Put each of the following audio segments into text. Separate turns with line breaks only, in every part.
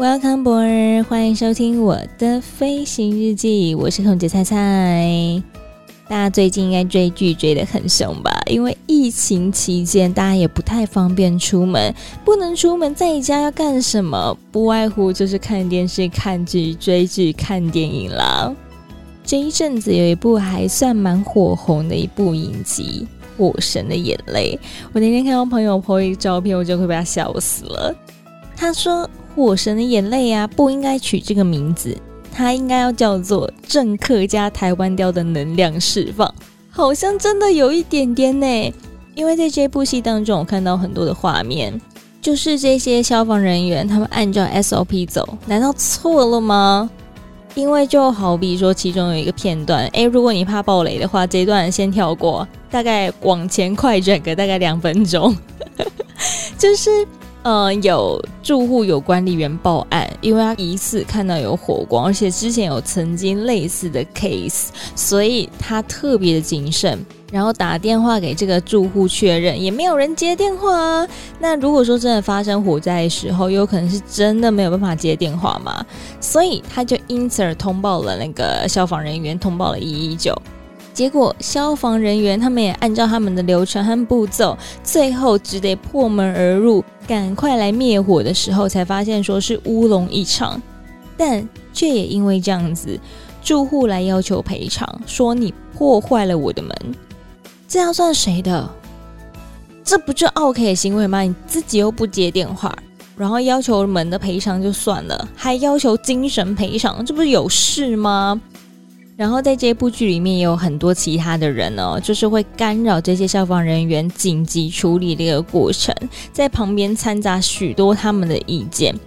Welcome aboard，歡迎收聽我的飛行日記，我是空姐菜菜。大家最近應該追劇追得很兇吧？因為疫情期間大家也不太方便出門，不能出門，在家要幹什麼？不外乎就是看電視、看劇、追劇、看電影啦。這一陣子有一部還算蠻火紅的一部影集《火神的眼淚》，我那天看到朋友 po 照片，我就會被他笑死了。他說。火神的眼淚啊，不應該取這個名字，它應該要叫做政客加台灣雕的能量釋放。好像真的有一點點呢，因為在這部戲當中，我看到很多的畫面，就是這些消防人員他們按照 SOP 走，難道錯了嗎？因為就好比說，其中有一個片段，誒，如果你怕暴雷的話，這一段先跳過，大概往前快轉個大概兩分鐘， 就是呃有。住戶有管理員報案，因為他疑似看到有火光，而且之前有曾經類似的 case，所以他特別的謹慎，然後打電話給這個住戶確認，也沒有人接電話啊。那如果說真的發生火災的時候，有可能是真的沒有辦法接電話嘛？所以他就因此而通報了那個消防人員，通報了一一九。結果消防人員他們也按照他們的流程和步驟，最後只得破門而入。趕快來滅火的時候，才發現說是烏龍一場。但卻也因為這樣子，住戶來要求賠償，說你破壞了我的門，這樣算誰的？這不就奧客的行為嗎？你自己又不接電話，然後要求門的賠償就算了，還要求精神賠償，這不是有事嗎？然後在這部劇裡面也有很多其他的人哦，就是會干擾這些消防人員緊急處理這個過程，在旁邊摻雜許多他們的意見，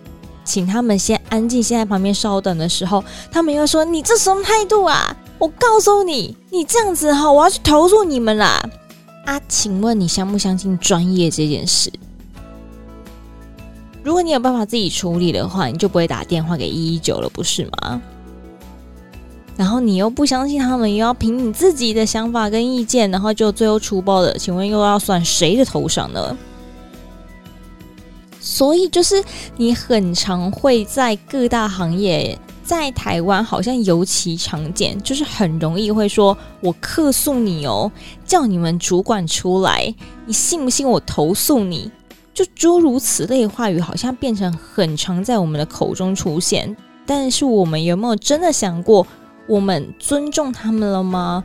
請他們先安靜，先在旁邊稍等的時候，他們又說：“你這什麼態度啊？我告訴你，你這樣子哈，我要去投訴你們啦！”啊，請問你相不相信專，專業這件事？如果你有辦法自己處理的話，你就不會打電話給一一九了，不是嗎？然後你又不相信他們，又要憑你自己的想法跟意見，然後就最後出包了，請問又要算誰的頭上呢？所以就是你很常會在各大行業，在台灣好像尤其常見，就是很容易會說“我客訴你哦”，叫你們主管出來，你信不信我投訴你？就諸如此類的話語，好像變成很常在我們的口中出現。但是我們有沒有真的想過？我們尊重他們了嗎？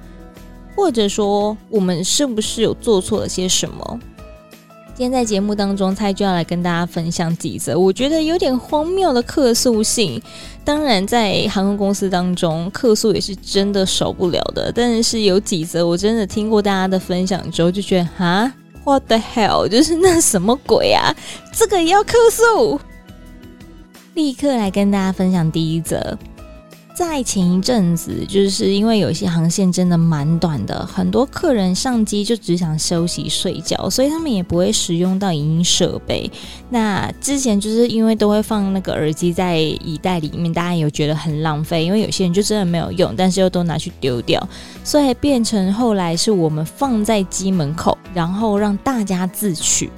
或者說，我們是不是有做錯了些什麼？今天在節目當中，蔡就要來跟大家分享幾則，我覺得有點荒謬的客訴信。當然，在航空公司當中，客訴也是真的少不了的。但是有幾則，我真的聽過大家的分享之後，就覺得啊，What the hell？就是那什麼鬼啊？這個也要客訴！立刻來跟大家分享第一則。在前一陣子，就是因為有些航線真的蠻短的，很多客人上機就只想休息睡覺，所以他們也不會使用到影音設備。那之前就是因為都會放那個耳機在椅袋裡面，大家有覺得很浪費，因為有些人就真的沒有用，但是又都拿去丟掉，所以變成後來是我們放在機門口，然後讓大家自取。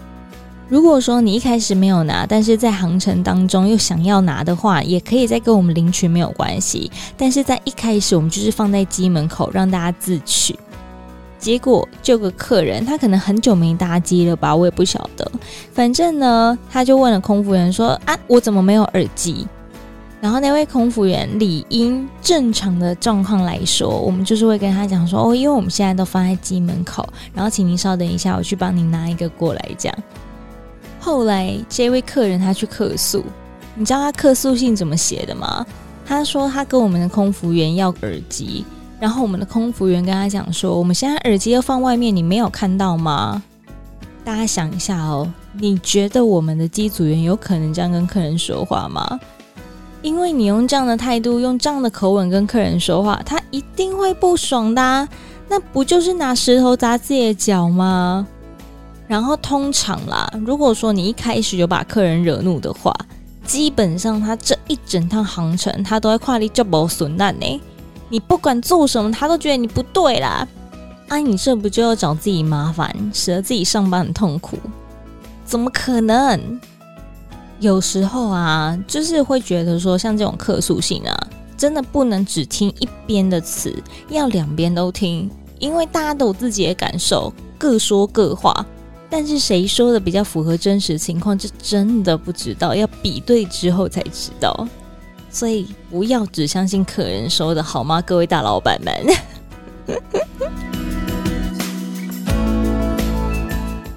如果說你一開始沒有拿，但是在航程當中又想要拿的話，也可以再跟我們領取，沒有關係。但是在一開始，我們就是放在機門口讓大家自取。結果就有個客人他可能很久沒搭機了吧，我也不曉得。反正呢，他就問了空服員說：“啊，我怎麼沒有耳機？”然後那位空服員理應正常的狀況來說，我們就是會跟他講說：“哦，因為我們現在都放在機門口，然後請您稍等一下，我去幫您拿一個過來這樣。”後來這位客人他去客訴，你知道他客訴信怎麼寫的嗎？他說他跟我們的空服員要耳機，然後我們的空服員跟他講說，我們現在耳機要放外面，你沒有看到嗎？大家想一下哦，你覺得我們的機組員有可能這樣跟客人說話嗎因為你用這樣的態度，用這樣的口吻跟客人說話，他一定會不爽的啊，那不就是拿石頭砸自己的腳嗎？然後通常啦，如果說你一開始就把客人惹怒的話，基本上他這一整趟航程他都會看你很不順眼呢。你不管做什麼，他都覺得你不對啦。啊，你這不就要找自己麻煩，使得自己上班很痛苦？怎麼可能？有時候啊，就是會覺得說，像這種客訴信啊，真的不能只聽一邊的詞，要兩邊都聽，因為大家都有自己的感受，各說各話。但是誰說的比較符合真實情況，這真的不知道，要比對之後才知道。所以不要只相信客人說的，好嗎，各位大老闆們？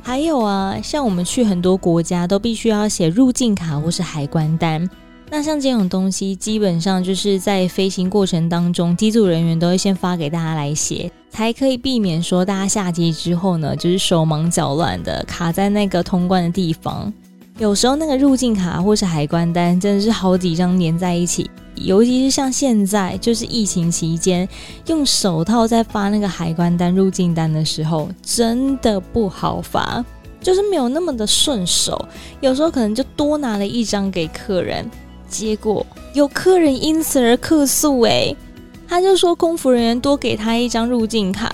還有啊，像我們去很多國家，都必須要寫入境卡或是海關單。那像這種東西，基本上就是在飛行過程當中，機組人員都會先發給大家來寫，才可以避免說大家下機之後呢，就是手忙腳亂的卡在那個通關的地方。有時候那個入境卡或是海關單真的是好幾張粘在一起，尤其是像現在就是疫情期間，用手套在發那個海關單入境單的時候，真的不好發，就是沒有那麼的順手。有時候可能就多拿了一張給客人。結果有客人因此而客訴，哎，他就說空服人員多給他一張入境卡。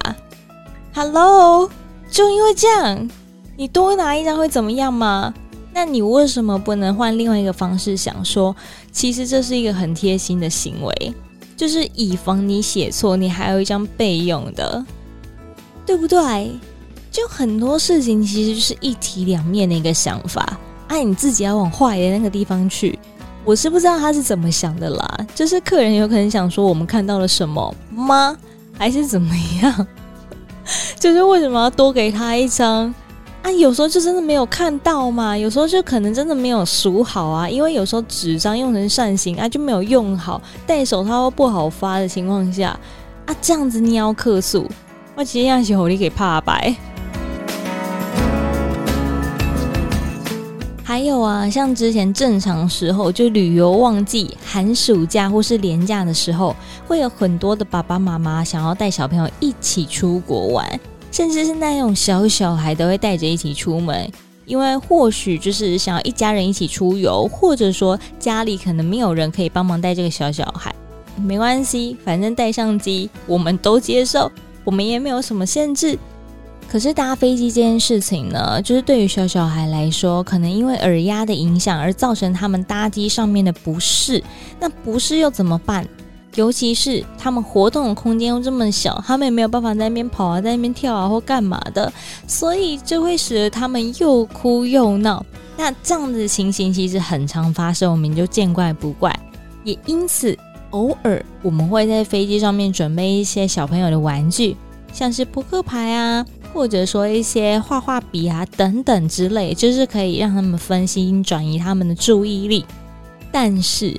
Hello，就因為這樣，你多拿一張會怎麼樣嗎？那你為什麼不能換另外一個方式想說，其實這是一個很貼心的行為，就是以防你寫錯，你還有一張備用的，對不對？就很多事情其實就是一體兩面的一個想法，哎、啊，你自己要往壞的那個地方去。我是不知道他是怎麼想的啦，就是客人有可能想說我們看到了什麼嗎？還是怎麼樣？就是為什麼要多給他一張啊？有時候就真的沒有看到嘛，有時候就可能真的沒有數好啊，因為有時候紙張用成扇形啊，就沒有用好，戴手套不好發的情況下啊，這樣子你要客訴，我今天要小狐狸給怕白。還有啊，像之前正常時候，就旅遊旺季、寒暑假或是年假的時候，會有很多的爸爸媽媽想要帶小朋友一起出國玩，甚至是那種小小孩都會帶着一起出門，因為或許就是想要一家人一起出遊，或者說家裡可能沒有人可以幫忙帶這個小小孩，沒關係，反正帶上機我們都接受，我們也沒有什麼限制。可是搭飛機這件事情呢，就是對於小小孩來說，可能因為耳壓的影響而造成他們搭機上面的不適。那不適又怎麼辦？尤其是他們活動的空間又這麼小，他們也沒有辦法在那邊跑啊，在那邊跳啊或幹嘛的，所以就會使得他們又哭又鬧。那這樣子的情形其實很常發生，我們就見怪不怪。也因此，偶爾我們會在飛機上面準備一些小朋友的玩具。像是撲克牌啊，或者說一些畫畫筆啊等等之類，就是可以讓他們分心，轉移他們的注意力。但是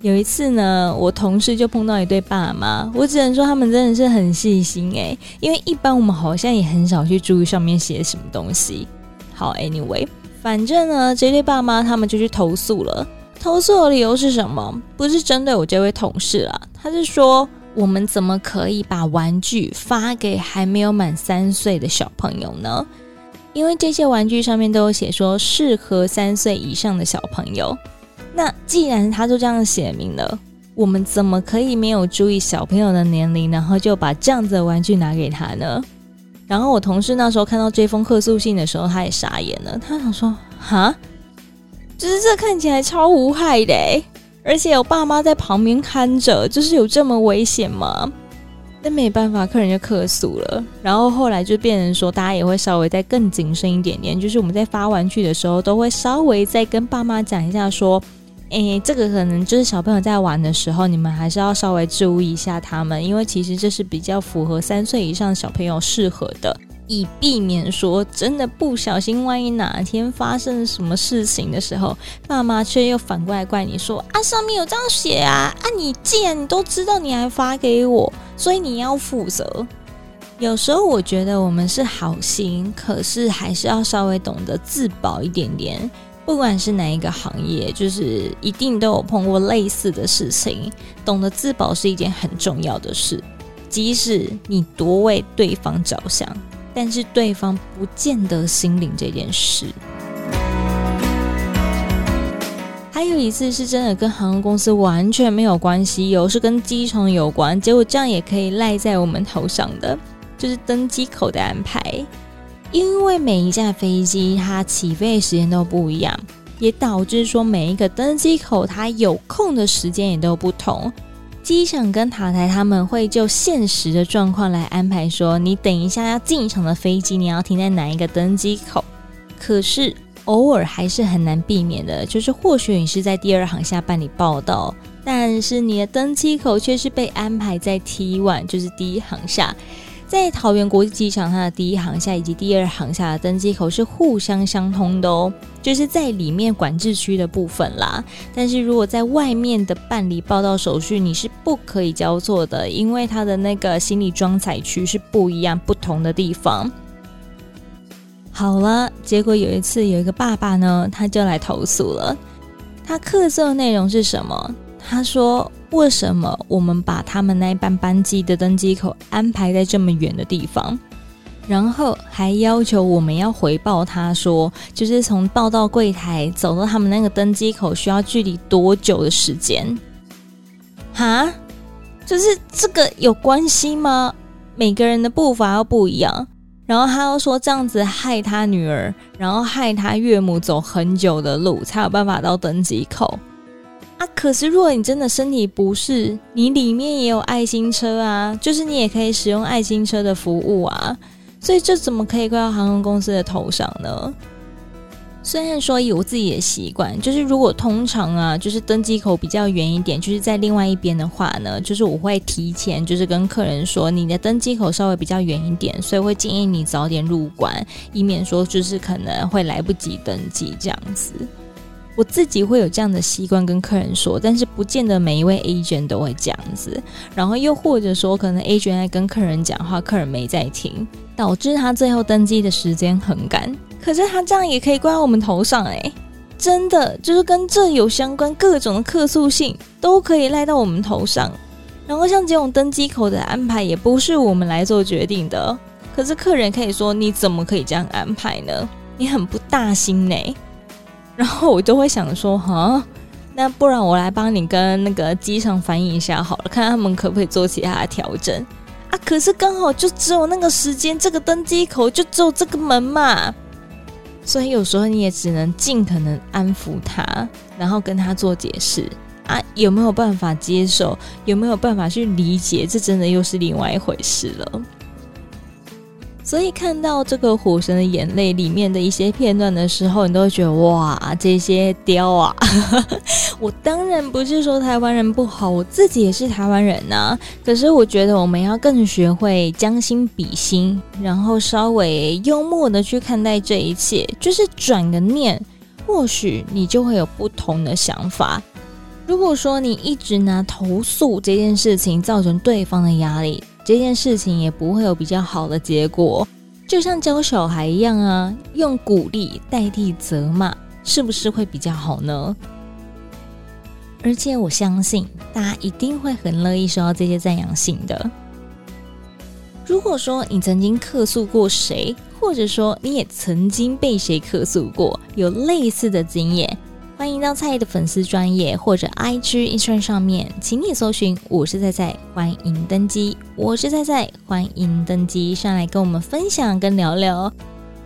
有一次呢，我同事就碰到一對爸媽，我只能說他們真的是很細心哎、欸，因為一般我們好像也很少去注意上面寫什麼東西。好，anyway，反正呢，這對爸媽他們就去投訴了。投訴的理由是什麼？不是針對我這位同事啦，他是說，我們怎麼可以把玩具發給還沒有滿三歲的小朋友呢？因為這些玩具上面都有寫說適合三歲以上的小朋友。那既然他就這樣寫明了，我們怎麼可以沒有注意小朋友的年齡，然後就把這樣子的玩具拿給他呢？然後我同事那時候看到這封客訴信的時候，他也傻眼了。他想說：“哈，就是這看起來超無害的欸。”而且有爸媽在旁邊看着，就是有這麼危險嗎？那沒辦法，客人就客訴了。然後後來就變成說，大家也會稍微再更謹慎一點點，就是我們在發玩具的時候，都會稍微再跟爸媽講一下說，哎，這個可能就是小朋友在玩的時候，你們還是要稍微注意一下他們，因為其實這是比較符合三歲以上小朋友適合的。以避免說真的不小心，萬一哪天發生什麼事情的時候，爸媽卻又反過來怪你說啊，上面有這樣寫啊啊！啊你既然你都知道，你還發給我，所以你要負責。有時候我覺得我們是好心，可是還是要稍微懂得自保一點點。不管是哪一個行業，就是一定都有碰過類似的事情，懂得自保是一件很重要的事。即使你多為對方着想。但是對方不見得心領這件事。還有一次是真的跟航空公司完全沒有關係，哦，有是跟機場有關，結果這樣也可以賴在我們頭上的，就是登機口的安排。因為每一架飛機它起飛的時間都不一樣，也導致說每一個登機口它有空的時間也都不同。機場跟塔台他們會就現實的狀況來安排說，說你等一下要進場的飛機，你要停在哪一個登機口。可是偶爾還是很難避免的，就是或許你是在第二航廈辦理報到，但是你的登機口卻是被安排在 T one，就是第一航廈。在桃園國際機場，它的第一航廈以及第二航廈的登機口是互相相通的哦，就是在裡面管制區的部分啦。但是如果在外面的辦理報到手續，你是不可以交錯的，因為它的那個行李裝載區是不一樣、不同的地方。好了，結果有一次有一個爸爸呢，他就來投訴了，他客訴內容是什麼？他說：“為什麼我們把他們那一班班機的登機口安排在這麼遠的地方？然後還要求我們要回報他說，就是從報到櫃台走到他們那個登機口需要距離多久的時間？哈，就是這個有關係嗎？每個人的步伐又不一樣。然後他又說這樣子害他女兒，然後害他岳母走很久的路才有辦法到登機口。”啊！可是如果你真的身體不適，你裡面也有愛心車啊，就是你也可以使用愛心車的服務啊。所以這怎麼可以怪到航空公司的頭上呢？雖然說以我自己的習慣，就是如果通常啊，就是登機口比較遠一點，就是在另外一邊的話呢，就是我會提前就是跟客人說，你的登機口稍微比較遠一點，所以會建議你早點入關，以免說就是可能會來不及登機這樣子。我自己會有這樣的習慣跟客人說，但是不見得每一位 agent 都會這樣子。然後又或者說，可能 agent 在跟客人講話，客人沒在聽，導致他最後登機的時間很趕。可是他這樣也可以怪我們頭上欸，真的就是跟這有相關，各種的客訴信都可以賴到我們頭上。然後像這種登機口的安排也不是我們來做決定的，可是客人可以說，你怎麼可以這樣安排呢？你很不貼心呢。然後我就會想說，哈，那不然我來幫你跟那個機場反映一下好了，看看他們可不可以做其他的調整啊？可是剛好就只有那個時間，這個登機口就只有這個門嘛，所以有時候你也只能盡可能安撫他，然後跟他做解釋啊，有沒有辦法接受？有沒有辦法去理解？這真的又是另外一回事了。所以看到這個火神的眼淚裡面的一些片段的時候，你都會覺得哇，這些雕啊！ 我當然不是說台灣人不好，我自己也是台灣人吶、啊。可是我覺得我們要更學會將心比心，然後稍微幽默地去看待這一切，就是轉個念，或許你就會有不同的想法。如果說你一直拿投訴這件事情造成對方的壓力。這件事情也不會有比較好的結果，就像教小孩一樣啊，用鼓勵代替責罵，是不是會比較好呢？而且我相信大家一定會很樂意收到這些讚揚信的。如果說你曾經客訴過誰，或者說你也曾經被誰客訴過，有類似的經驗。歡迎到菜的粉絲專頁或者 I G Instagram 上面，請你搜尋“我是菜菜，歡迎登機”。我是菜菜，歡迎登機上來跟我們分享跟聊聊。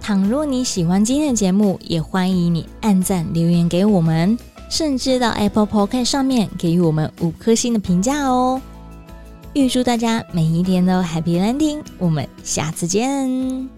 倘若你喜歡今天的節目，也歡迎你按讚留言給我們，甚至到 Apple Podcast 上面給予我們五顆星的評價哦。預祝大家每一天都 Happy Listening，我們下次見。